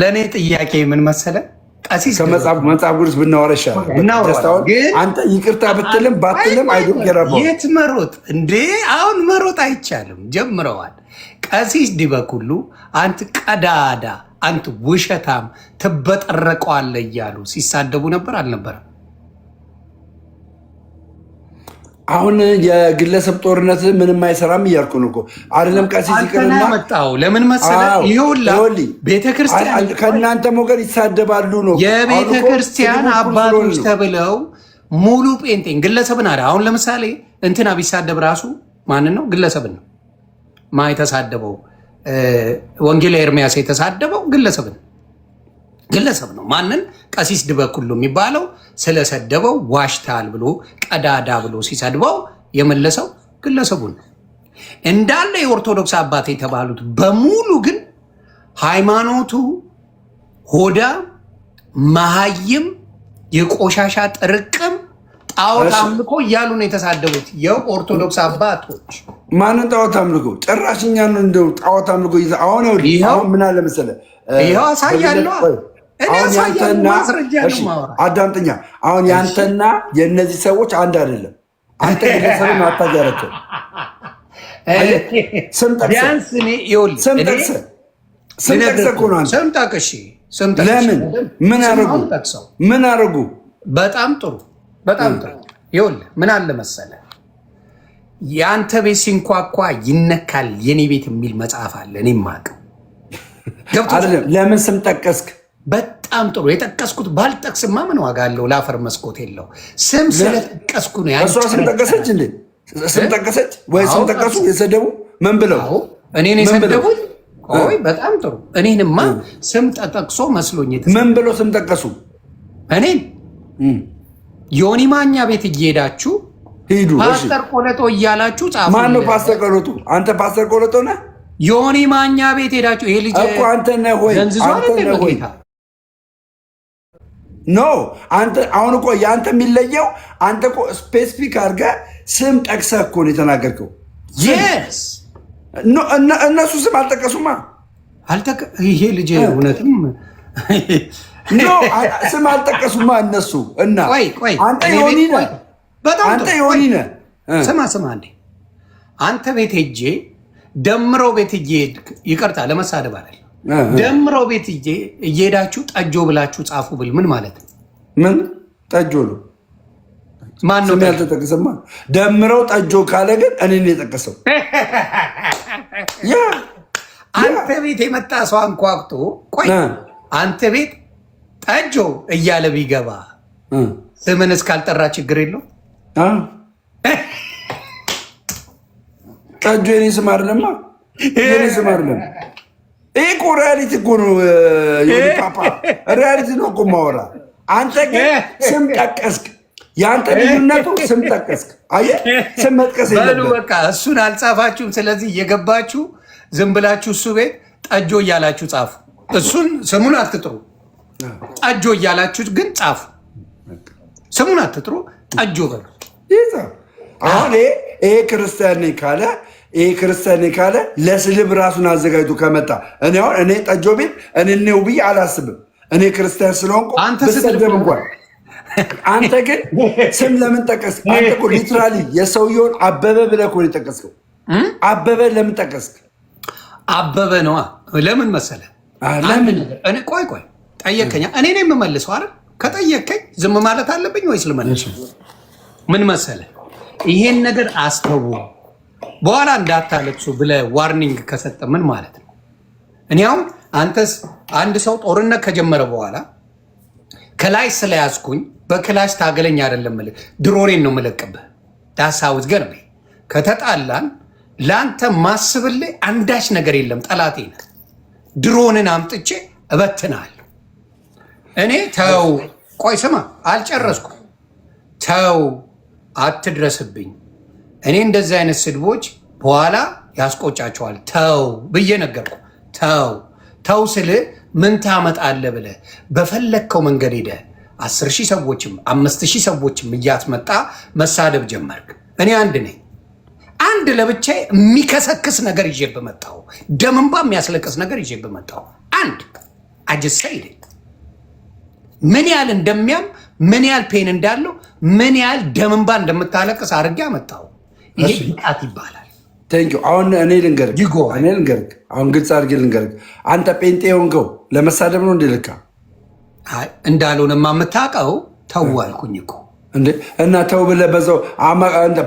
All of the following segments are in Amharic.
ለእኔ ጥያቄ ምን መሰለ፣ ቀሲስ መጽሐፍ ቅዱስ ብናወራ ይሻላል። አንተ ይቅርታ ብትልም ባትልም የት መሮጥ እንዴ? አሁን መሮጥ አይቻልም። ጀምረዋል። ቀሲስ ዲበኩሉ አንት ቀዳዳ አንት ውሸታም ትበጠረቀዋለ እያሉ ሲሳደቡ ነበር አልነበረም? አሁን የግለሰብ ጦርነት ምንም አይሰራም እያልኩ ነው እኮ አይደለም። ቀሲስ ይቅርና መጣው ለምን መሰለህ? ይኸውልህ ቤተክርስቲያን ከእናንተ ሞገድ ይሳደባሉ ነው የቤተክርስቲያን አባቶች ተብለው ሙሉ ጴንጤን ግለሰብን አ አሁን ለምሳሌ እንትና ቢሳደብ ራሱ ማንን ነው? ግለሰብን ነው ማ የተሳደበው። ወንጌላ ኤርሚያስ የተሳደበው ግለሰብን ግለሰብ ነው። ማንን ቀሲስ ድበኩሉ የሚባለው ስለሰደበው ዋሽታል ብሎ ቀዳዳ ብሎ ሲሰድበው የመለሰው ግለሰቡ ነው። እንዳለ የኦርቶዶክስ አባት የተባሉት በሙሉ ግን ሃይማኖቱ ሆዳ መሀይም፣ የቆሻሻ ጥርቅም፣ ጣዖት አምልኮ እያሉ ነው የተሳደቡት የኦርቶዶክስ አባቶች። ማንን ጣዖት አምልኮ? ጭራሽ ነው እንደው ጣዖት አምልኮ ይዘ አሁን ምን አለ መሰለህ፣ ይኸው አሳያለሁ አዳምጠኛ አሁን ያንተና የእነዚህ ሰዎች አንድ አይደለም። አንተ ግለሰብን አታጋራቸው። ስም ጠቅሰህ ለምን ምን አረጉ ምን አረጉ? በጣም ጥሩ በጣም ጥሩ። ይኸውልህ ምን አለ መሰለህ የአንተ ቤት ሲንኳኳ ይነካል የኔ ቤት የሚል መጽሐፍ አለ። እኔ ማቀው ለምን ስም ጠቀስክ? በጣም ጥሩ የጠቀስኩት ባልጠቅስማ ምን ዋጋ አለው? ለአፈር መስኮት የለው። ስም ስለጠቀስኩ ነው። ያ ስም ጠቀሰች እንዴ? ስም ጠቀሰች ወይ? ስም ጠቀሱ? የሰደቡ ምን ብለው? እኔን የሰደቡኝ? ይ በጣም ጥሩ። እኔንማ ስም ተጠቅሶ መስሎኝ። ምን ብለው ስም ጠቀሱ? እኔን ዮኒ ማኛ ቤት እየሄዳችሁ ሂዱ ፓስተር ቆለጦ እያላችሁ ጻፉ። ነው ፓስተር ቆለጦ? አንተ ፓስተር ቆለጦ ነህ? ዮኒ ማኛ ቤት ሄዳችሁ ይሄ ልጅ አንተ ነህ ወይ? ኖ አንተ አሁን እኮ የአንተ የሚለየው አንተ እኮ ስፔሲፊክ አድርገህ ስም ጠቅሰ እኮ ነው የተናገርከው። እነሱ ስም አልጠቀሱማ። ይሄ ልጅ እውነትም ስም አልጠቀሱማ እነሱ እና አንተ ዮኒ ነህ፣ አንተ ዮኒ ነህ። ስማ ስማ እንዴ አንተ ቤት ሄጄ ደምረው ቤት ሄጄ ይቅርታ ለመሳደብ አይደል ደምረው ቤት እየሄዳችሁ ጠጆ ብላችሁ ጻፉ ብል ምን ማለት ነው? ምን ጠጆ ነው? ማን ነው ያልተጠቀሰማ? ደምረው ጠጆ ካለ ግን እኔን የጠቀሰው አንተ ቤት የመጣ ሰው አንኳኩቶ ቆይ አንተ ቤት ጠጆ እያለ ቢገባ ስምን እስካልጠራ ችግር የለው። ጠጆ የኔ ስም አይደለማ፣ የኔ ስም አይደለም ይህ እኮ ሪያሊቲ እኮ ነው ፓፓ፣ ሪያሊቲ ነው እኮ ማወራ። አንተ ግን ስም ጠቀስክ። የአንተ ልዩነቱ ስም ጠቀስክ። አየህ፣ ስም መጥቀስ በቃ እሱን አልጻፋችሁም። ስለዚህ እየገባችሁ ዝም ብላችሁ እሱ ቤት ጠጆ እያላችሁ ጻፉ። እሱን ስሙን አትጥሩ፣ ጠጆ እያላችሁ ግን ጻፉ። ስሙን አትጥሩ፣ ጠጆ በሉ። አሁን ይሄ ክርስቲያን ካለ ይሄ ክርስቲያን ካለ ለስድብ ራሱን አዘጋጅቶ ከመጣ እኔ አሁን እኔ ጠጆ ቤት እኔ ብዬ አላስብም። እኔ ክርስቲያን ስለሆንኩ ብሰደብ እንኳን አንተ ግን ስም ለምን ጠቀስ? አንተ እኮ ሊትራሊ የሰውየውን አበበ ብለህ እኮ ነው የጠቀስከው። አበበ ለምን ጠቀስክ? አበበ ነዋ። ለምን መሰለ? እኔ ቆይ ቆይ ጠየከኛ፣ እኔ ነው የምመልሰው አይደል? ከጠየከኝ ዝም ማለት አለብኝ ወይስ ልመልሰው? ምን መሰለ፣ ይሄን ነገር አስተውል በኋላ እንዳታለቅሱ ብለ ዋርኒንግ ከሰጠ ምን ማለት ነው? እኔ አንተስ አንድ ሰው ጦርነት ከጀመረ በኋላ ከላይ ስለያዝኩኝ በክላሽ ታገለኝ አይደለም፣ ድሮኔን ነው የምለቅብህ። ዳሳውዝ ገር ከተጣላን ለአንተ ማስብልህ አንዳች ነገር የለም። ጠላቴ ነህ። ድሮንን አምጥቼ እበትናለሁ። እኔ ተው ቆይ ስማ፣ አልጨረስኩም። ተው አትድረስብኝ። እኔ እንደዚህ አይነት ስድቦች በኋላ ያስቆጫቸዋል። ተው ብዬ ነገርኩ። ተው ተው ስል ምን ታመጣለህ ብለህ በፈለግከው መንገድ ሄደህ አስር ሺህ ሰዎችም አምስት ሺህ ሰዎችም እያትመጣ መሳደብ ጀመርክ። እኔ አንድ ነኝ አንድ ለብቻ የሚከሰክስ ነገር ይዤ በመጣሁ ደም እንባ የሚያስለቅስ ነገር ይዤ በመጣሁ አንድ አጀሳይ ምን ያህል እንደሚያም ምን ያህል ፔን እንዳለው ምን ያህል ደም እንባ እንደምታለቅስ አድርጌ አመጣሁ። ይሄ ቃት ይባላል። ቴንኪው። አሁን እኔ ልንገርግ ይጎ እኔ ልንገርግ አሁን ግልጽ አድርጌ ልንገርግ፣ አንተ ጴንጤ የሆንከው ለመሳደብ ነው እንዴ? ልካ እንዳልሆነማ የምታውቀው ተው አልኩኝ እኮ እንዴ። እና ተው ብለህ በዛው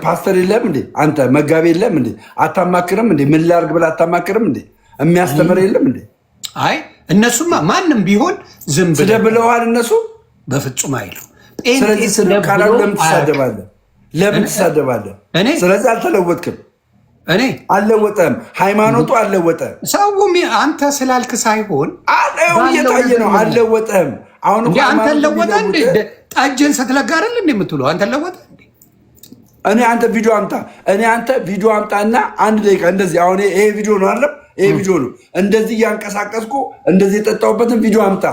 ፓስተር የለም እንዴ? አንተ መጋቢ የለም እንዴ? አታማክርም እንዴ? ምን ላድርግ ብለህ አታማክርም እንዴ? የሚያስተምር የለም እንዴ? አይ እነሱማ ማንም ቢሆን ዝም ብለህ ብለዋል። እነሱ በፍጹም አይሉም። ስለዚህ ስለ ካላሉ ለምን ትሳደባለህ? ለምን ትሳደባለህ? ስለዚህ አልተለወጥክም። እኔ አልለወጠም፣ ሃይማኖቱ አልለወጠም። ሰውም አንተ ስላልክ ሳይሆን እየታየ ነው። አልለወጠም። አሁን አንተ ለወጠ። ጠጅን ስትለጋ አይደል እንደ የምትውለው አንተ ለወጠ። እኔ አንተ ቪዲዮ አምጣ፣ እኔ አንተ ቪዲዮ አምጣ እና አንድ ደቂቃ እንደዚህ። አሁን ይሄ ቪዲዮ ነው አይደለም? ይሄ ቪዲዮ ነው። እንደዚህ እያንቀሳቀስኩ እንደዚህ የጠጣሁበትን ቪዲዮ አምጣ።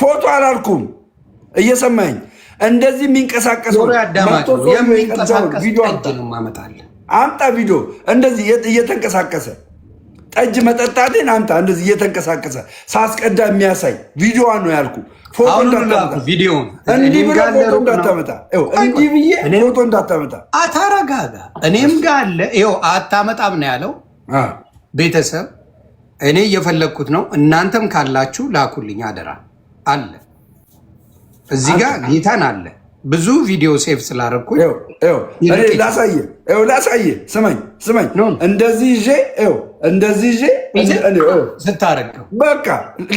ፎቶ አላልኩም፣ እየሰማኝ እንደዚህ የሚንቀሳቀስ አምጣ ቪዲዮ እንደዚህ እየተንቀሳቀሰ ጠጅ መጠጣቴን አምጣ እንደዚህ እየተንቀሳቀሰ ሳስቀዳ የሚያሳይ ቪዲዮ ነው ያልኩ። እንዲህ ብለህ ፎቶ እንዳታመጣ፣ እንዲህ ብዬ ፎቶ እንዳታመጣ። አታረጋጋ። እኔም ጋ አለ። ይኸው አታመጣም ነው ያለው። ቤተሰብ እኔ እየፈለግኩት ነው። እናንተም ካላችሁ ላኩልኝ አደራ አለ እዚህ ጋር ጌታን አለ ብዙ ቪዲዮ ሴፍ ስላደረኩኝ ላሳየ ላሳየ። ስመኝ ስማኝ፣ እንደዚህ ይዤ እንደዚህ ይዤ ስታረገው በቃ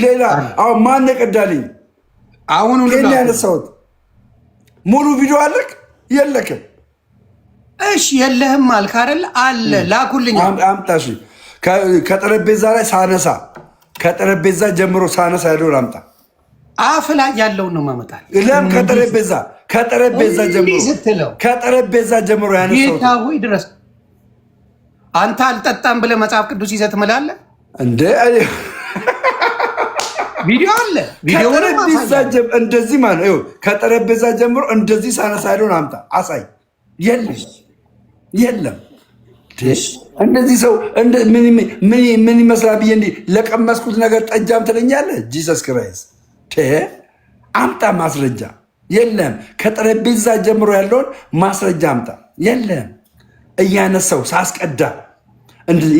ሌላ አሁን ማን ቀዳልኝ? አሁን ያነሳሁት ሙሉ ቪዲዮ አለክ የለክም? እሺ የለህም አልክ አይደል? አለ ላኩልኝ፣ አምጣሽ። ከጠረጴዛ ላይ ሳነሳ ከጠረጴዛ ጀምሮ ሳነሳ ያለውን አምጣ አፍ ላይ ያለውን ነው ማመጣል። ለም ከጠረጴዛ ከጠረጴዛ ጀምሮ ስትለው ከጠረጴዛ ጀምሮ ያነሳው ጌታ ሆይ ድረስ አንተ አልጠጣም ብለህ መጽሐፍ ቅዱስ ይዘህ ትምላለህ እንደ ቪዲዮ አለ። ጀምሮ እንደዚህ ማለት ነው። ከጠረጴዛ ጀምሮ እንደዚህ ሳነሳ ያለውን አምጣ አሳይ። የለም የለም። እንደዚህ ሰው ምን ይመስላል ብዬ እንዲህ ለቀመስኩት ነገር ጠጃም ትለኛለህ። ጂሰስ ክራይስት አምጣ ማስረጃ የለም። ከጠረጴዛ ጀምሮ ያለውን ማስረጃ አምጣ የለም። እያነሳው ሳስቀዳ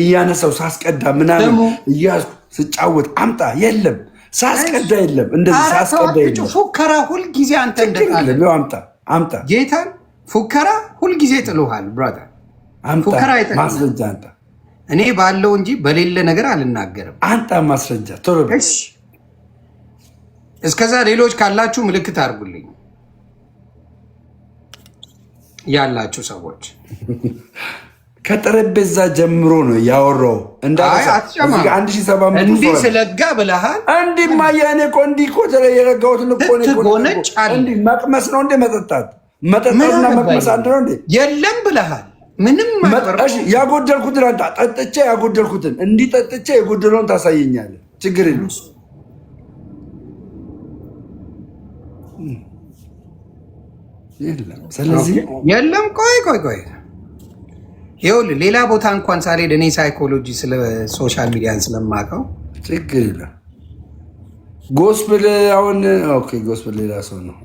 እያነሳው ሳስቀዳ ምናምን እያዝኩ ስጫወት አምጣ የለም። ሳስቀዳ የለም። እንደዚህ ሳስቀዳ የለም። ፉከራ ሁልጊዜ አንተ እንደቃለ አምጣ አምጣ ጌታን ፉከራ ሁልጊዜ ጥሎሃል ብራዘር። ፉከራ ማስረጃ አምጣ። እኔ ባለው እንጂ በሌለ ነገር አልናገርም። አንጣ ማስረጃ ቶሎ እስከዛ ሌሎች ካላችሁ ምልክት አድርጉልኝ። ያላችሁ ሰዎች ከጠረጴዛ ጀምሮ ነው ያወራው። እንዳእንዲህ ስለጋ ብለሃል። እንዲህማ የእኔ እኮ እንዲህ እኮ የረጋሁትን እኮ መቅመስ ነው እንደ መጠጣት መጠጣትና መቅመስ አንድ ነው እንዴ? የለም ብለሃል። ምንም ያጎደልኩትን ጠጥቼ ያጎደልኩትን እንዲህ ጠጥቼ የጎደለውን ታሳየኛለህ። ችግር የለም የለም። ስለዚህ የለም። ቆይ ቆይ ቆይ ይኸውልህ ሌላ ቦታ እንኳን ሳልሄድ እኔ ሳይኮሎጂ ስለ ሶሻል ሚዲያን ስለማውቀው ችግር የለም። ጎስፕል አሁን ኦኬ፣ ጎስፕል ሌላ ሰው ነው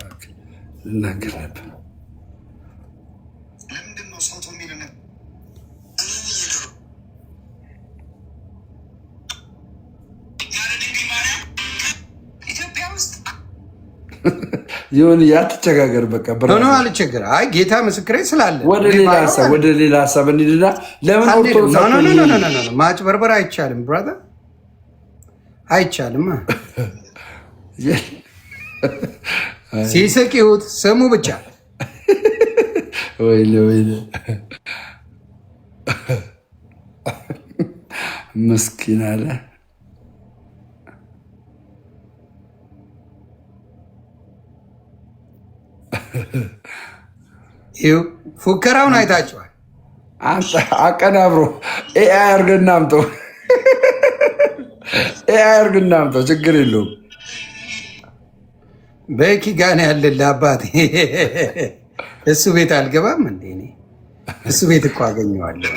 እናገር ነበር። Ha ha ይሁን ያትቸጋገር። በቃ ሆኖ አልቸግር። አይ ጌታ ምስክሬ ስላለ ወደ ሌላ ሀሳብ ወደ ሌላ ሀሳብ እንሂድና ለምን ማጭበርበር አይቻልም? ብራዘር አይቻልም። ሲስቂሁት ስሙ ብቻ ወይ ወይ ምስኪን አለ ፉከራውን አይታችኋል። አቀናብሮ ኤአይ አርገ እናምጦ ኤአይ አርገ እናምጦ ችግር የለውም። በኪ ጋን ያለልህ አባቴ እሱ ቤት አልገባም እንዴ? እኔ እሱ ቤት እኮ አገኘዋለሁ።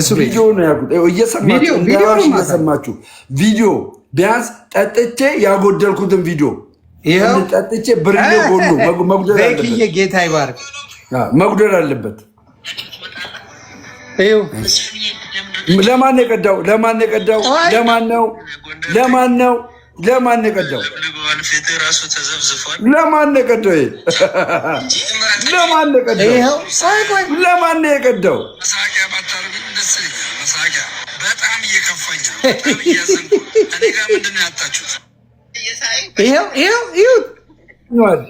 እሱ ቤት ቪዲዮ ቢያንስ ጠጥቼ ያጎደልኩትን ቪዲዮ ይኸው ጠጥቼ ብርሌ ጎሎ መጉደል አለበት። ጌታ ይባርክ መጉደል አለበት። ለማን የቀዳው? ለማን የቀዳው? ለማን ነው? ለማን ነው? ለማን የቀዳው? ለማን የቀዳው? ለማን የቀዳው? ለማን የቀዳው? በጣም እየከፋኝ ነው። እኔ ጋር ምንድን ነው ያጣችሁት? ይኸው ይኸው ይሁት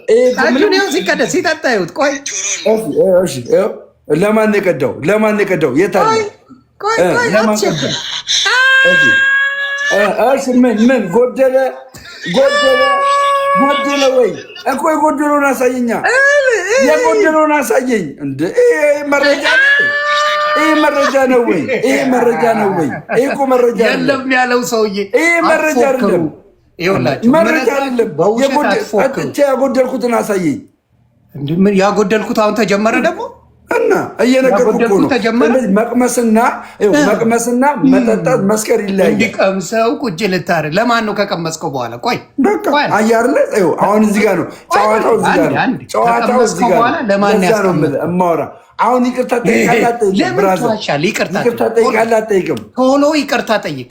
ጠጁን ይኸው ሲቀደስ ሲጠጣ ይሁት። ቆይ ለማን ነው የቀዳው? ለማን ነው የቀዳው? የት ምን ምን ጎደለ? ጎደለ ጎደለ ወይ? ቆይ ጎደለውን አሳየኛ። የጎደለውን አሳየኝ። እንደ መረጃ ይህ መረጃ ነው ወይ? ይህ መረጃ ነው ወይ? ይህ እኮ መረጃ የለም ያለው ሰውዬ ይህ መረጃ አይደለም። ይኸውላችሁ መረጃ አይደለም። ያጎደልኩትን አሳየኝ። ያጎደልኩት አሁን ተጀመረ ደግሞ እና እየነገርኩህ ነው። መቅመስና መቅመስና መጠጣት መስከር ይለያል። እንዲቀምሰው ቁጭ ልታር ለማን ነው ከቀመስከው በኋላ? ቆይ አያርለ አሁን እዚህ ጋር ነው ጨዋታው፣ እዚህ ጋር ነው ጨዋታው፣ እዚህ ጋር ነው ለማን አሁን ይቅርታ ይቅርታ ጠይቃለህ? አትጠይቅም? ቶሎ ይቅርታ ጠይቅ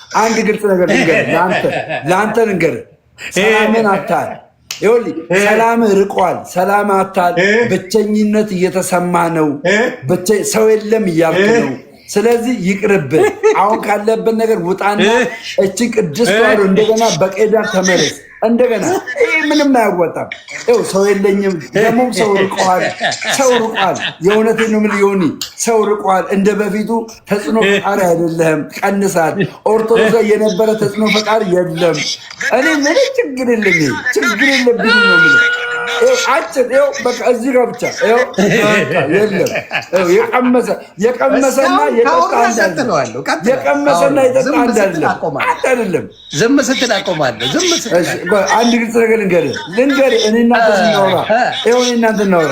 አንድ ግልጽ ነገር ንገር፣ ለአንተ ለአንተ ንገር፣ ሰላምን አታል ይኸውልህ፣ ሰላም ርቋል። ሰላም አታል፣ ብቸኝነት እየተሰማ ነው። ሰው የለም እያልክ ነው ስለዚህ ይቅርብን። አሁን ካለብን ነገር ውጣና እቺ ቅድስ ተዋሕዶ እንደገና በቄዳር ተመለስ። እንደገና ምንም አያወጣም። ው ሰው የለኝም። ደግሞም ሰው ርቋል፣ ሰው ርቋል። የእውነት ነው የምልህ ዮኒ፣ ሰው ርቋል። እንደ በፊቱ ተጽዕኖ ፈጣሪ አይደለህም፣ ቀንሳል። ኦርቶዶክስ የነበረ ተጽዕኖ ፈጣሪ የለም። እኔ ምን ችግር የለኝ ችግር የለብኝ ነው የምልህ አጭር ው በቃ እዚህ ጋር ብቻ የለም። የቀመሰና የቀመሰና የጠጣ አይደለም፣ አንድ አይደለም። ዝም ስትል አቆማለሁ። አንድ ግልጽ ነገር ልንገርህ ልንገርህ፣ እኔ እናንተ ስናወራ እኔ እናንተ እናወራ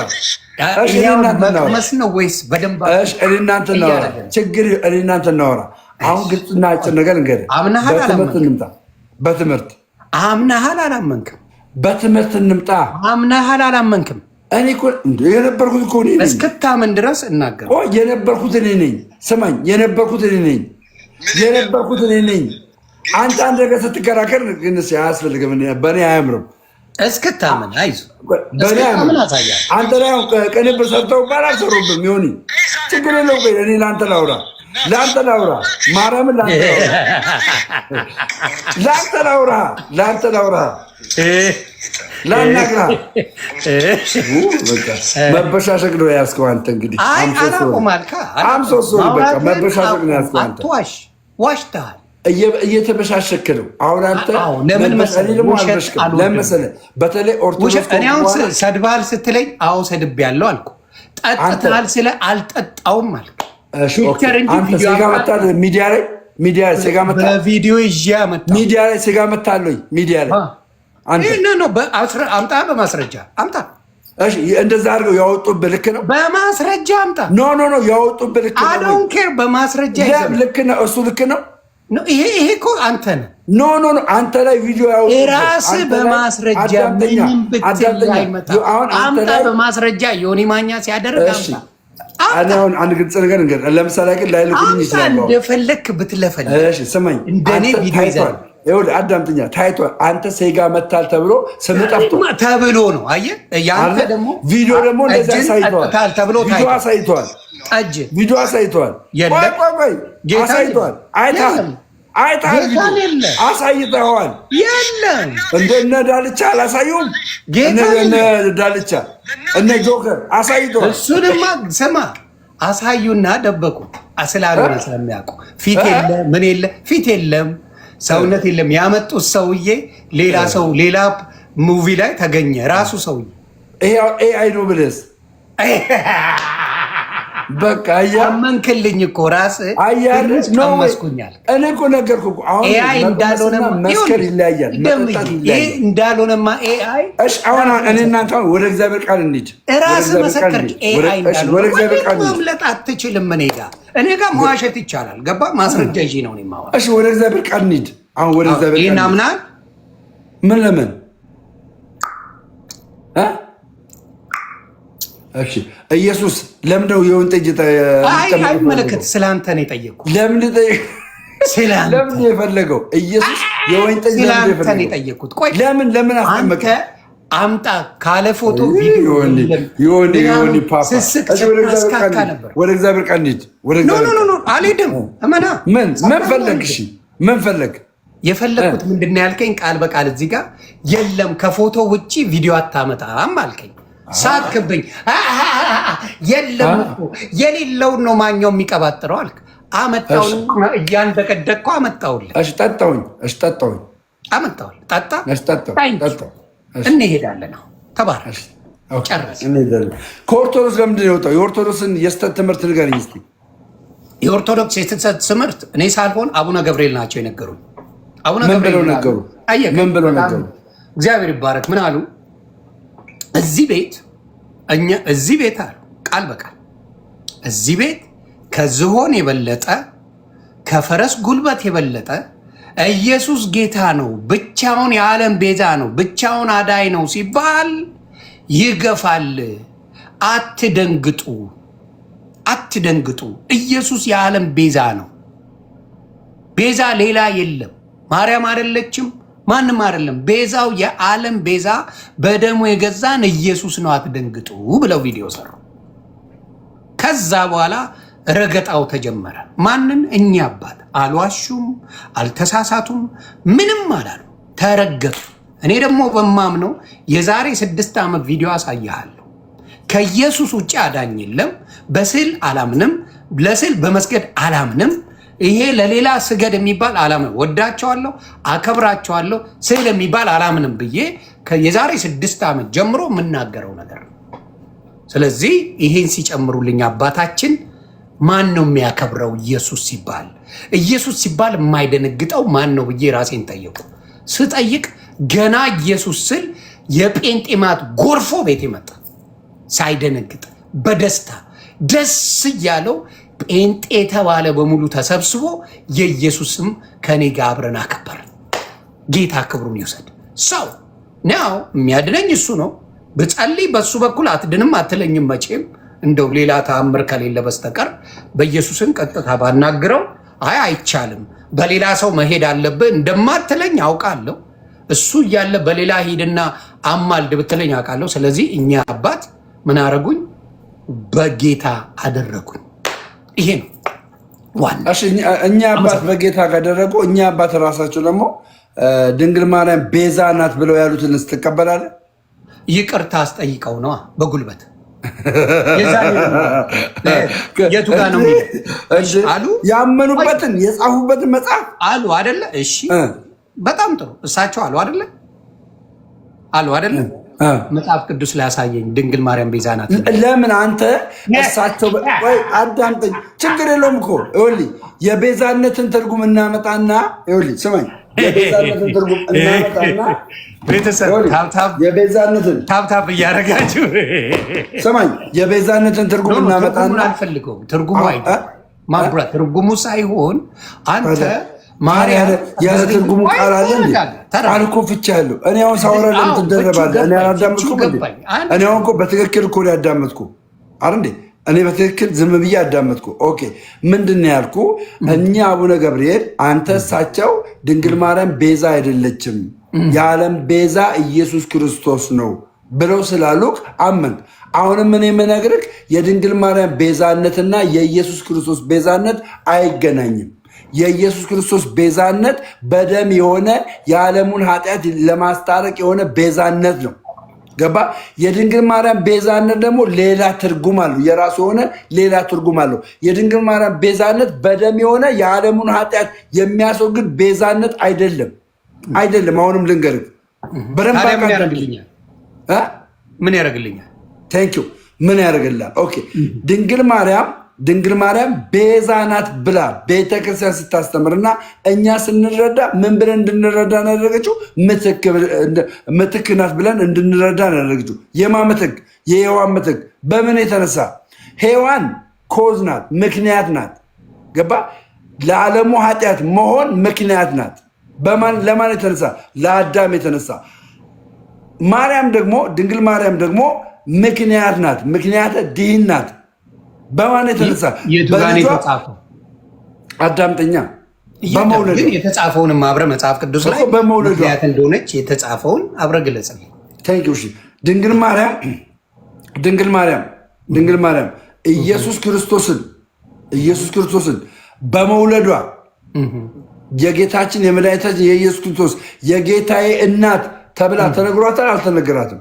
አምናሃል አላመንክም በትምህርት እንምጣ። አምናሃል አላመንክም? እኔ የነበርኩት እኮ ነኝ። እስክታምን ድረስ እናገር። የነበርኩት እኔ ነኝ። ስማኝ፣ የነበርኩት እኔ ነኝ። የነበርኩት እኔ ነኝ። አንተ አንድ ነገር ስትከራከር ግን አያስፈልግም። በእኔ አያምርም። እስክታምን አይዞ፣ በእኔ አያምርም። አንተ ላይ ቅንብር ሰርተው ጋር አልሰሩብም። ይሁን ችግር የለው። እኔ ለአንተ ላውራ ለአንተ ላውራ ማርያምን፣ ለአንተ ላውራ ለአንተ ላውራ መበሻሸቅ ነው አንተ። እንግዲህ መበሻሸቅ ነው አንተ። ዋሽተሃል፣ እየተበሻሸክ ነው አሁን አንተ። ለምን መሰለህ በተለይ ኦርቶዶክስ ሰድባል ስትለኝ፣ አዎ ሰድቤያለሁ አልኩ። ስለ አልጠጣውም አልክ። ሚዲያ ላይ ሚዲያ ላይ ስጋ መታ ሚዲያ ላይ ስጋ መታለኝ ሚዲያ ላይ አምጣ፣ በማስረጃ አምጣ። እንደዛ አድርገው ያወጡብህ ልክ ነው። በማስረጃ አምጣ። ኖ ኖ ኖ ያወጡብህ ልክ ነው። አይ ዶንት ኬር በማስረጃ ልክ ነው። እሱ ልክ ነው። ይሄ ይሄ እኮ አንተ ነህ። ኖ ኖ ኖ አንተ ላይ ቪዲዮ ያወጡ ራስህ በማስረጃ ምንም ብትል አይመጣም። አምጣ በማስረጃ ዮኒ ማኛ ሲያደርግ አምጣ እኔ አሁን አንድ ግልጽ ነገር እንገር ለምሳሌ ግን ላይልኩልኝ ይችላል። እንደፈለክ ብትለፈልግ ስማኝ፣ እንደኔ ቪዲዮ ይዘህ ይኸውልህ፣ አዳምጥኛ። ታይቷል። አንተ ሴጋ መታል ተብሎ ስም ጠፍቶ ተብሎ ነው። አየህ፣ ያንተ ደግሞ ቪዲዮ ደግሞ እንደዛ ሳይቷል ተብሎ ቪዲዮ አሳይቷል። ጠጅ ቪዲዮ አሳይቷል። ቆይ ቆይ ቆይ አሳይቷል። አይተሃል አይታል አሳይተዋል። የለም እንደነ ዳልቻ አላሳዩም። እነ ዳልቻ እነ ጆከር አሳይተዋል። እሱንማ ስማ አሳዩና ደበቁ። ስላልሆነ ስለሚያውቁ ፊት የለ ምን የለ ፊት የለም ሰውነት የለም። ያመጡት ሰውዬ ሌላ ሰው ሌላ ሙቪ ላይ ተገኘ ራሱ ሰውዬ ይሄ አይዶ ብለስ በቃ አመንክልኝ እኮ ራስህ አያርስ ነው መስኩኛል። እኔ እኮ ነገርኩህ እኮ አሁን ኤአይ እንዳልሆነማ መስከር ይለያያል። ይሄ እንዳልሆነማ ኤአይ እሺ፣ አሁን እኔ እናንተ ወደ እግዚአብሔር ቃል እንሂድ። ራስህ መሰከርክ ኤአይ እንዳልሆነ መምለጥ አትችልም። እኔ ጋር እኔ ጋር መዋሸት ይቻላል። ገባ ማስረጃ ይዤ ነው እኔ የማወራው። እሺ፣ ወደ እግዚአብሔር ቃል እንሂድ። አሁን ወደ እግዚአብሔር ቃል ይሄን አምናል ምን ለምን እሺ ኢየሱስ ለምንድነው የወይን ጠጅ አይመለከት? ስለ አንተ ነው የጠየቅኩት። ለምን ለምን የፈለገው ኢየሱስ የወይን ጠጅ ለምን የጠየቅኩት? ቆይ ለምን ለምን አስቀመጠ? አምጣ ካለ ፎቶ ቪዲዮ ወደ እግዚአብሔር ቃል እንሂድ። አልሄድም። እመና ምን ምን ፈለግ? እሺ ምን ፈለግ? የፈለግኩት ምንድን ነው ያልከኝ? ቃል በቃል እዚህ ጋር የለም። ከፎቶ ውጭ ቪዲዮ አታመጣም አልከኝ። ሳክብኝ የለም እኮ የሌለውን ነው ማኛው የሚቀባጥረው አልክ። አመጣውን እያንደቀደቅኩ አመጣውልህ። እሺ እሺ ጠጣ። እንሄዳለን። ተባረክ። ከኦርቶዶክስ ለምንድን ነው የወጣው? የኦርቶዶክስን የስተት ትምህርት ንገረኝ እስኪ። የኦርቶዶክስ የስተት ትምህርት እኔ ሳልሆን አቡነ ገብርኤል ናቸው የነገሩኝ። አቡነ ገብርኤል ምን ብለው ነገሩ? እግዚአብሔር ይባረክ። ምን አሉ? እዚህ ቤት እዚህ ቤት አሉ ቃል በቃል እዚህ ቤት ከዝሆን የበለጠ ከፈረስ ጉልበት የበለጠ ኢየሱስ ጌታ ነው፣ ብቻውን የዓለም ቤዛ ነው፣ ብቻውን አዳይ ነው ሲባል ይገፋል። አትደንግጡ፣ አትደንግጡ። ኢየሱስ የዓለም ቤዛ ነው። ቤዛ ሌላ የለም። ማርያም አይደለችም። ማንም አይደለም። ቤዛው የዓለም ቤዛ በደሙ የገዛን ኢየሱስ ነው፣ አትደንግጡ ብለው ቪዲዮ ሰሩ። ከዛ በኋላ ረገጣው ተጀመረ። ማንን? እኛ አባት። አልዋሹም፣ አልተሳሳቱም፣ ምንም አላሉ፣ ተረገጡ። እኔ ደግሞ በማምነው የዛሬ ስድስት ዓመት ቪዲዮ አሳያሃለሁ። ከኢየሱስ ውጭ አዳኝ የለም። በስዕል አላምንም፣ ለስዕል በመስገድ አላምንም ይሄ ለሌላ ስገድ የሚባል አላምንም። ወዳቸዋለሁ፣ አከብራቸዋለሁ፣ ስል የሚባል አላምንም ብዬ የዛሬ ስድስት ዓመት ጀምሮ የምናገረው ነገር ነው። ስለዚህ ይሄን ሲጨምሩልኝ አባታችን ማን ነው የሚያከብረው? ኢየሱስ ሲባል ኢየሱስ ሲባል የማይደነግጠው ማን ነው ብዬ ራሴን ጠየቁ። ስጠይቅ ገና ኢየሱስ ስል የጴንጤማት ጎርፎ ቤት መጣ። ሳይደነግጥ በደስታ ደስ እያለው ጴንጤ የተባለ በሙሉ ተሰብስቦ የኢየሱስም ከኔ ጋር አብረን አከበር። ጌታ ክብሩን ይውሰድ። ሰው ናው የሚያድነኝ እሱ ነው። ብጸልይ በሱ በኩል አትድንም አትለኝም መቼም እንደው ሌላ ተአምር ከሌለ በስተቀር በኢየሱስን ቀጥታ ባናግረው አይ አይቻልም፣ በሌላ ሰው መሄድ አለብህ እንደማትለኝ አውቃለሁ። እሱ እያለ በሌላ ሂድና አማልድ ብትለኝ አውቃለሁ። ስለዚህ እኛ አባት ምን አረጉኝ? በጌታ አደረጉኝ። ይሄ ነው ዋና። እኛ አባት በጌታ ካደረጉ እኛ አባት እራሳቸው ደግሞ ድንግል ማርያም ቤዛ ናት ብለው ያሉትን ስትቀበላለ ይቅርታ አስጠይቀው ነዋ በጉልበት የቱ ጋ ነው አሉ። ያመኑበትን የጻፉበትን መጽሐፍ አሉ አደለ? እሺ፣ በጣም ጥሩ እሳቸው አሉ አደለ? አሉ አደለ? መጽሐፍ ቅዱስ ሊያሳየኝ ድንግል ማርያም ቤዛ ናት። ለምን አንተ እሳቸው አዳምጠኝ፣ ችግር የለውም እኮ ይኸውልህ፣ የቤዛነትን ትርጉም እናመጣና ይኸውልህ፣ ስማኝ፣ የቤዛነትን ትርጉም እናመጣና ታብታብ እያደረጋችሁ ስማኝ፣ የቤዛነትን ትርጉም እናመጣና አልፈልገውም። ትርጉሙ አይ ማብራት ትርጉሙ ሳይሆን አንተ ማርያም ያለ ትርጉሙ ቃል አለ አልኮፍቻ ያለው እኔ አሁን ሳወራ ለምን ትደረባለህ? እኔ አላዳመጥኩም። እኔ አሁን እኮ በትክክል እኮ ያዳመጥኩ እኔ በትክክል ዝም ብዬ አዳመጥኩ። ኦኬ ምንድን ነው ያልኩ? እኛ አቡነ ገብርኤል አንተ እሳቸው ድንግል ማርያም ቤዛ አይደለችም የዓለም ቤዛ ኢየሱስ ክርስቶስ ነው ብለው ስላሉክ አመንክ። አሁንም እኔ የምነግርህ የድንግል ማርያም ቤዛነትና የኢየሱስ ክርስቶስ ቤዛነት አይገናኝም። የኢየሱስ ክርስቶስ ቤዛነት በደም የሆነ የዓለሙን ኃጢአት ለማስታረቅ የሆነ ቤዛነት ነው። ገባ? የድንግል ማርያም ቤዛነት ደግሞ ሌላ ትርጉም አለው። የራሱ የሆነ ሌላ ትርጉም አለው። የድንግል ማርያም ቤዛነት በደም የሆነ የዓለሙን ኃጢአት የሚያስወግድ ቤዛነት አይደለም፣ አይደለም። አሁንም ልንገርህ በደንብ ምን ያደርግልኛል? ቴንክ ዩ ምን ያደርግልሃል? ኦኬ ድንግል ማርያም ድንግል ማርያም ቤዛ ናት ብላ ቤተክርስቲያን ስታስተምርና እኛ ስንረዳ ምን ብለን እንድንረዳ ያደረገችው ምትክ ናት ብለን እንድንረዳ ያደረገችው። የማ ምትክ? የሔዋን ምትክ። በምን የተነሳ ሔዋን ኮዝ ናት፣ ምክንያት ናት። ገባ? ለዓለሙ ኃጢአት መሆን ምክንያት ናት። ለማን የተነሳ? ለአዳም የተነሳ። ማርያም ደግሞ ድንግል ማርያም ደግሞ ምክንያት ናት፣ ምክንያት ዲህን ናት በማን የተነሳ የቱጋን የተጻፈው? አዳምጠኛ በመውለዱ የተጻፈውን አብረ መጽሐፍ ቅዱስ ላይ በመውለዱ ምክንያት እንደሆነች የተጻፈውን አብረ ግለጽ። ድንግል ማርያም ድንግል ማርያም ድንግል ማርያም ኢየሱስ ክርስቶስን ኢየሱስ ክርስቶስን በመውለዷ የጌታችን የመድኃኒታችን የኢየሱስ ክርስቶስ የጌታዬ እናት ተብላ ተነግሯታል? አልተነገራትም?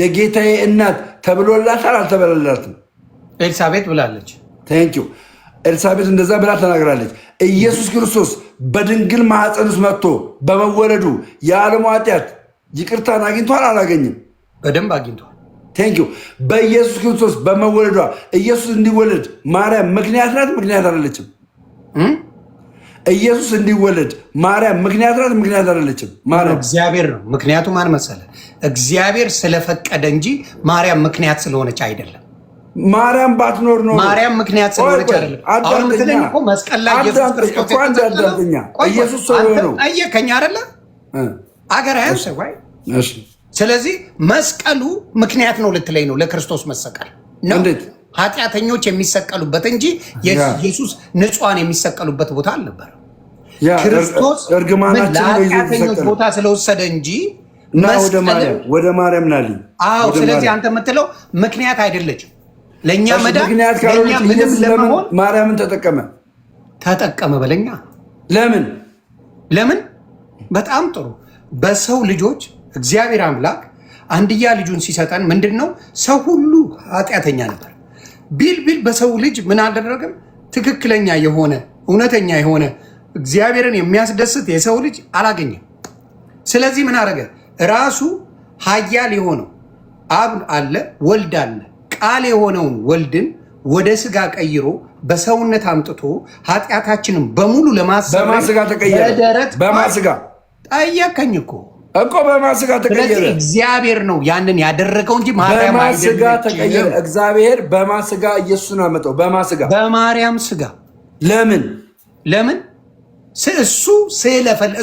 የጌታዬ እናት ተብሎላታል አልተበላላትም? ኤልሳቤጥ ብላለች። ቴንኪው ኤልሳቤጥ እንደዛ ብላ ተናግራለች። ኢየሱስ ክርስቶስ በድንግል ማኅፀን ውስጥ መጥቶ በመወለዱ የዓለሙ ኃጢአት ይቅርታን አግኝቷል አላገኝም? በደንብ አግኝቷል። ቴንኪው በኢየሱስ ክርስቶስ በመወለዷ ኢየሱስ እንዲወለድ ማርያም ምክንያት ናት? ምክንያት አላለችም? ኢየሱስ እንዲወለድ ማርያም ምክንያት ናት? ምክንያት አይደለችም። ማርያም እግዚአብሔር ነው። ምክንያቱ ማን መሰለ? እግዚአብሔር ስለፈቀደ እንጂ ማርያም ምክንያት ስለሆነች አይደለም። ማርያም ባትኖር ነው። ማርያም ምክንያት ስለሆነች አይደለም። አዳምጠኛ ኢየሱስ ሰው ነው። ጠየከኝ አይደለ? አገር አያም ሰው ስለዚህ መስቀሉ ምክንያት ነው ልትለኝ ነው? ለክርስቶስ መሰቀል ነው ኃጢአተኞች የሚሰቀሉበት እንጂ ኢየሱስ ንጹሐን የሚሰቀሉበት ቦታ አልነበረ። ክርስቶስ ለኃጢአተኞች ቦታ ስለወሰደ እንጂ ወደ ማርያም ናል። አዎ፣ ስለዚህ አንተ የምትለው ምክንያት አይደለችም። ለእኛ መዳን ማርያምን ተጠቀመ ተጠቀመ በለኛ። ለምን ለምን? በጣም ጥሩ። በሰው ልጆች እግዚአብሔር አምላክ አንድያ ልጁን ሲሰጠን ምንድን ነው? ሰው ሁሉ ኃጢአተኛ ነበር። ቢል ቢል በሰው ልጅ ምን አደረገም? ትክክለኛ የሆነ እውነተኛ የሆነ እግዚአብሔርን የሚያስደስት የሰው ልጅ አላገኘም። ስለዚህ ምን አደረገ? ራሱ ኃያል የሆነው አብ አለ፣ ወልድ አለ። ቃል የሆነውን ወልድን ወደ ስጋ ቀይሮ በሰውነት አምጥቶ ኃጢአታችንን በሙሉ ለማስበማስጋ ተቀየረ። በማስጋ ጠየከኝ እኮ እኮ በማስጋ ተቀየረ። እግዚአብሔር ነው ያንን ያደረገው እንጂ በማስጋ ተቀየረ። እግዚአብሔር በማስጋ ኢየሱስን አመጣው። በማስጋ በማርያም ስጋ ለምን ለምን? እሱ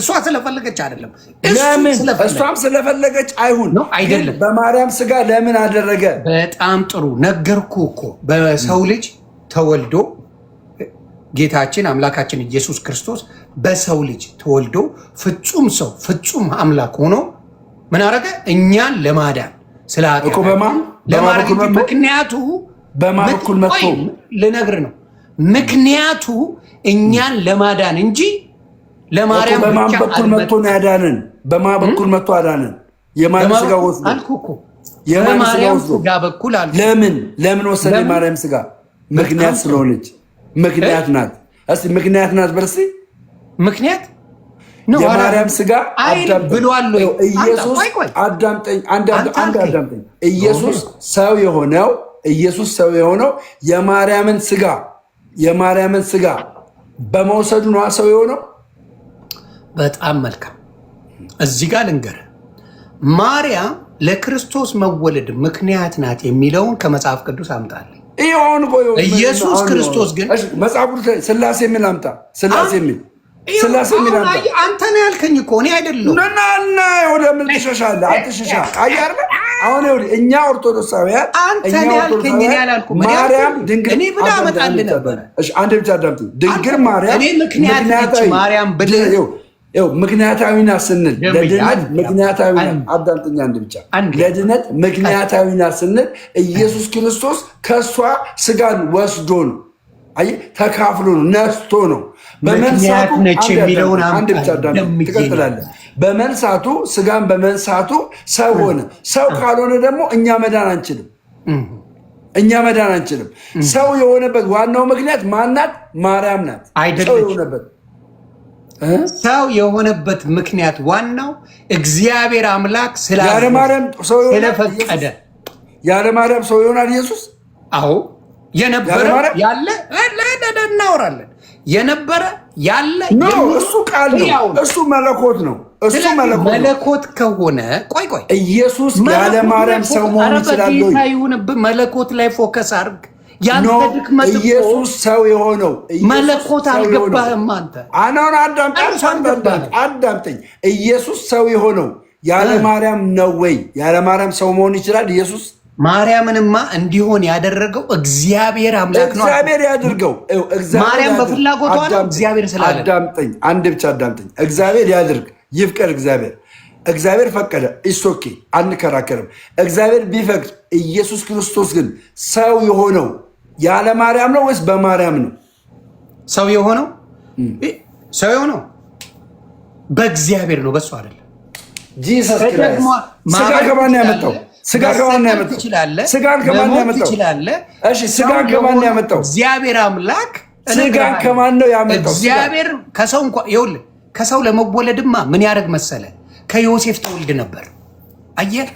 እሷ ስለፈለገች አይደለም። ለምን እሷም ስለፈለገች አይሁን ነው አይደለም። በማርያም ስጋ ለምን አደረገ? በጣም ጥሩ ነገርኩ እኮ በሰው ልጅ ተወልዶ ጌታችን አምላካችን ኢየሱስ ክርስቶስ በሰው ልጅ ተወልዶ ፍጹም ሰው ፍጹም አምላክ ሆኖ ምን አረገ? እኛን ለማዳን ስለ ለማድረግ ምክንያቱ በማኩል መጥቶ ልነግር ነው። ምክንያቱ እኛን ለማዳን እንጂ ለማርያም ብቻ በኩል መጥቶ ነው ያዳነን። በማ በኩል መጥቶ አዳንን? የማርያም ስጋ ወስዶ የማርያም ስጋ በኩል አልኩ። ለምን ለምን ወሰደ የማርያም ስጋ? ምክንያት ስለሆነች ምክንያት ናት። እስኪ ምክንያት ናት በርሲ ምክንያት የማርያም ስጋ ብሏል። ኢየሱስ ሰው የሆነው ኢየሱስ ሰው የሆነው የማርያምን ስጋ የማርያምን ስጋ በመውሰዱ ነዋ ሰው የሆነው። በጣም መልካም። እዚህ ጋር ልንገር፣ ማርያም ለክርስቶስ መወለድ ምክንያት ናት የሚለውን ከመጽሐፍ ቅዱስ አምጣለ። ኢየሱስ ክርስቶስ ግን መጽሐፍ ቅዱስ ስላሴ የሚል አምጣ ስላሴ የሚል አንተ ያልከኝ እኮ እኔ አይደለሁም። ወደ ምን ትሸሻለህ? አትሸሻ። አሁን ይኸውልህ እኛ ኦርቶዶክሳውያን አንተ ያልከኝ እኔ አላልኩም። ማርያም ድንግል እኔ ብላ ነበር። እሺ ብቻ አዳምጡ። ድንግል ማርያም እኔ ምክንያት ነች ማርያም ብለህ ይኸው ምክንያታዊ ናት ስንል ለድነት ምክንያታዊ ናት። አንድ ብቻ ለድነት ምክንያታዊ ናት ስንል ኢየሱስ ክርስቶስ ከእሷ ስጋን ወስዶ ነው፣ አየህ ተካፍሎ ነው፣ ነስቶ ነው በመንሳቱ ነች የሚለውን ትቀጥላለህ። በመንሳቱ ስጋን በመንሳቱ ሰው ሆነ። ሰው ካልሆነ ደግሞ እኛ መዳን አንችልም። እኛ መዳን አንችልም። ሰው የሆነበት ዋናው ምክንያት ማናት? ማርያም ናት። ሰው ሰው የሆነበት ምክንያት ዋናው እግዚአብሔር አምላክ ስለፈቀደ። ያለ ማርያም ሰው ይሆናል ኢየሱስ? አዎ የነበረ ያለ እናወራለን የነበረ ያለ እሱ ቃል ነው። እሱ መለኮት ነው። እሱ መለኮት ከሆነ ቆይ ቆይ ኢየሱስ ያለ ማርያም ሰው መሆን ይችላል ወይ? መለኮት ላይ ፎከስ አርግ። ኢየሱስ ሰው የሆነው መለኮት አልገባህም አንተ። አናን አዳምጠኝ። ኢየሱስ ሰው የሆነው ያለ ማርያም ነው ወይ? ያለ ማርያም ሰው መሆን ይችላል ኢየሱስ ማርያምንማ እንዲሆን ያደረገው እግዚአብሔር አምላክ ነው። እግዚአብሔር ያድርገው። ማርያም በፍላጎቷ ነው። እግዚአብሔር ስላለ አዳምጠኝ፣ አንድ ብቻ አዳምጠኝ። እግዚአብሔር ያድርግ፣ ይፍቀድ። እግዚአብሔር እግዚአብሔር ፈቀደ፣ ኢሶኬ አንከራከርም። እግዚአብሔር ቢፈቅድ፣ ኢየሱስ ክርስቶስ ግን ሰው የሆነው ያለ ማርያም ነው ወይስ በማርያም ነው? ሰው የሆነው ሰው የሆነው በእግዚአብሔር ነው፣ በሱ አይደለም። ጂሰስ ስጋ ከማን ያመጣው ስጋን ከማን ያመጣው? ከማን ያመጣው? እሺ ከማን ያመጣው? እግዚአብሔር አምላክ። ከማን ነው ያመጣው? እግዚአብሔር ከሰው ከሰው ለመወለድማ ምን ያደርግ መሰለ? ከዮሴፍ ተወልድ ነበር። አየህ፣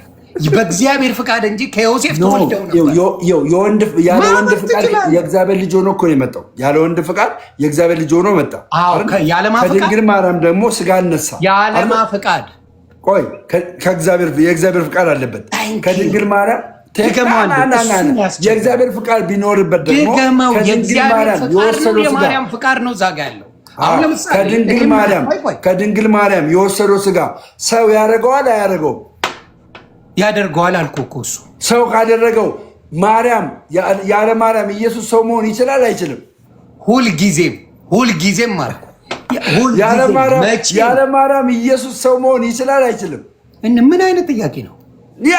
በእግዚአብሔር ፍቃድ እንጂ ከዮሴፍ ተወልደው ነበር። ያለ ወንድ ፍቃድ የእግዚአብሔር ልጅ ሆኖ እኮ ነው የመጣው። ያለ ወንድ ፍቃድ የእግዚአብሔር ልጅ ሆኖ መጣ። ከድንግል ማርያም ደግሞ ስጋ አነሳ። ያለማ ፍቃድ ቆይ ከእግዚአብሔር የእግዚአብሔር ፍቃድ አለበት ከድንግል ማርያም የእግዚአብሔር ፍቃድ ቢኖርበት ደግሞ የማርያም ፍቃድ ከድንግል ማርያም የወሰደው ስጋ ሰው ያደረገዋል አያደረገውም? ያደርገዋል አልኩህ እኮ እሱ ሰው ካደረገው ማርያም ያለ ማርያም ኢየሱስ ሰው መሆን ይችላል አይችልም? ሁልጊዜም ሁልጊዜም አልኩህ ያለማርያም ኢየሱስ ሰው መሆን ይችላል አይችልም? ምን አይነት ጥያቄ ነው ያ?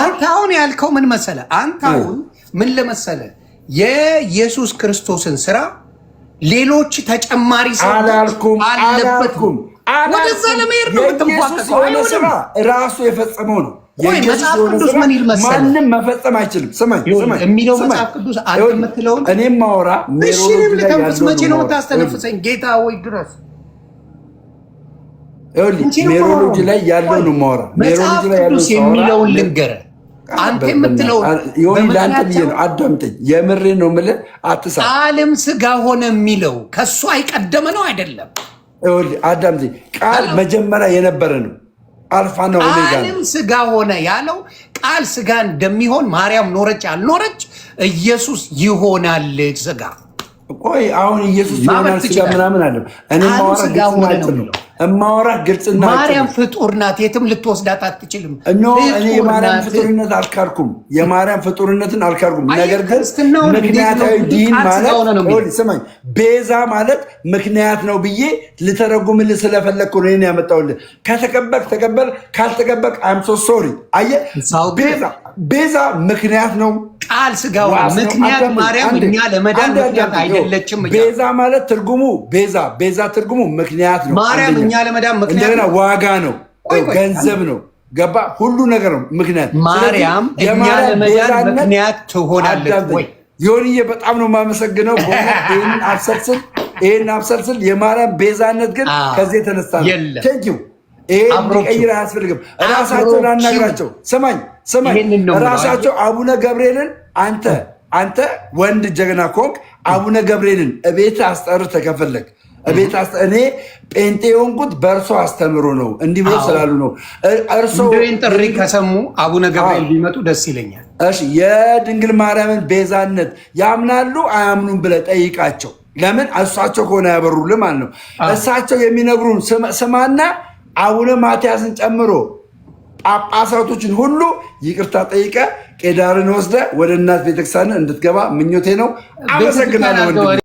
አንተ አሁን ያልከው ምን መሰለ፣ አንተ አሁን ምን ለመሰለ የኢየሱስ ክርስቶስን ስራ ሌሎች ተጨማሪ ሰው አላልኩም ወደዛ ለመሄድ ነው የምትንኳከው። ራሱ የፈጸመው ነው ማንም መፈጸም አይችልም። ስማኝ የሚለው መጽሐፍ ቅዱስ የምትለውን እኔም ማወራ ልተንፍስ መቼ ነው የምታስተነፍሰኝ? ጌታ ወይ ድረስ ላይ ያለው ነው የሚለውን አንተ ለአንተ ብዬ ነው። አዳምጠኝ፣ የምሬ ነው የምልህ። አትሳ ስጋ ሆነ የሚለው ከእሱ አይቀደመ ነው አይደለም። አዳምጠኝ፣ ቃል መጀመሪያ የነበረ ነው አልፋ ነው ኦሜጋ ቃልም ስጋ ሆነ ያለው ቃል ስጋ እንደሚሆን ማርያም ኖረች አልኖረች ኢየሱስ ይሆናል ስጋ ቆይ አሁን ኢየሱስ ይሆናል ስጋ ምናምን አለ። እኔ ማወራ ግልጽና ማርያም ፍጡር ናት፣ የትም ልትወስዳት አትችልም። እኔ የማርያም ፍጡርነት አልካድኩም፣ የማርያም ፍጡርነትን አልካድኩም። ነገር ግን ምክንያታዊ ዲን ማለት ስማኝ፣ ቤዛ ማለት ምክንያት ነው ብዬ ልተረጉምልህ ስለፈለግኩ ነው ያመጣሁልህ። ከተቀበልክ ተቀበል፣ ካልተቀበልክ አምሶ ሶሪ። አየህ ቤዛ ቤዛ ምክንያት ነው። ቃል ስጋዋ ምክንያት ማርያም እኛ ለመዳን ምክንያት አይደለችም። ቤዛ ማለት ትርጉሙ ቤዛ ቤዛ ትርጉሙ ምክንያት ነው። ማርያም እኛ ለመዳን ምክንያት እንደገና ዋጋ ነው፣ ገንዘብ ነው። ገባ ሁሉ ነገር ነው ምክንያት። ማርያም እኛ ለመዳን ምክንያት ትሆናለች ወይ? ዮኒዬ በጣም ነው የማመሰግነው። ይህን አብሰልስል ይህን አብሰልስል የማርያም ቤዛነት ግን ከዚህ የተነሳ ነው። ይሄ ቀይር አያስፈልግም። ራሳቸውን አናግራቸው። ስማኝ ራሳቸው አቡነ ገብርኤልን አንተ አንተ ወንድ ጀግና ኮንክ አቡነ ገብርኤልን እቤት አስጠር ተከፈለግ እቤት እኔ ጴንጤ የሆንኩት በእርሶ አስተምሮ ነው እንዲህ ብሎ ስላሉ ነው። እርሶን ጥሪ ከሰሙ አቡነ ገብርኤል ቢመጡ ደስ ይለኛል። እሺ የድንግል ማርያምን ቤዛነት ያምናሉ አያምኑም ብለ ጠይቃቸው። ለምን እሳቸው ከሆነ ያበሩልህ ማለት ነው። እሳቸው የሚነግሩን ስማና አቡነ ማትያስን ጨምሮ ጳጳሳቶችን ሁሉ ይቅርታ ጠይቀ ቄዳርን ወስደ ወደ እናት ቤተክርስቲያን እንድትገባ ምኞቴ ነው። አመሰግናለሁ።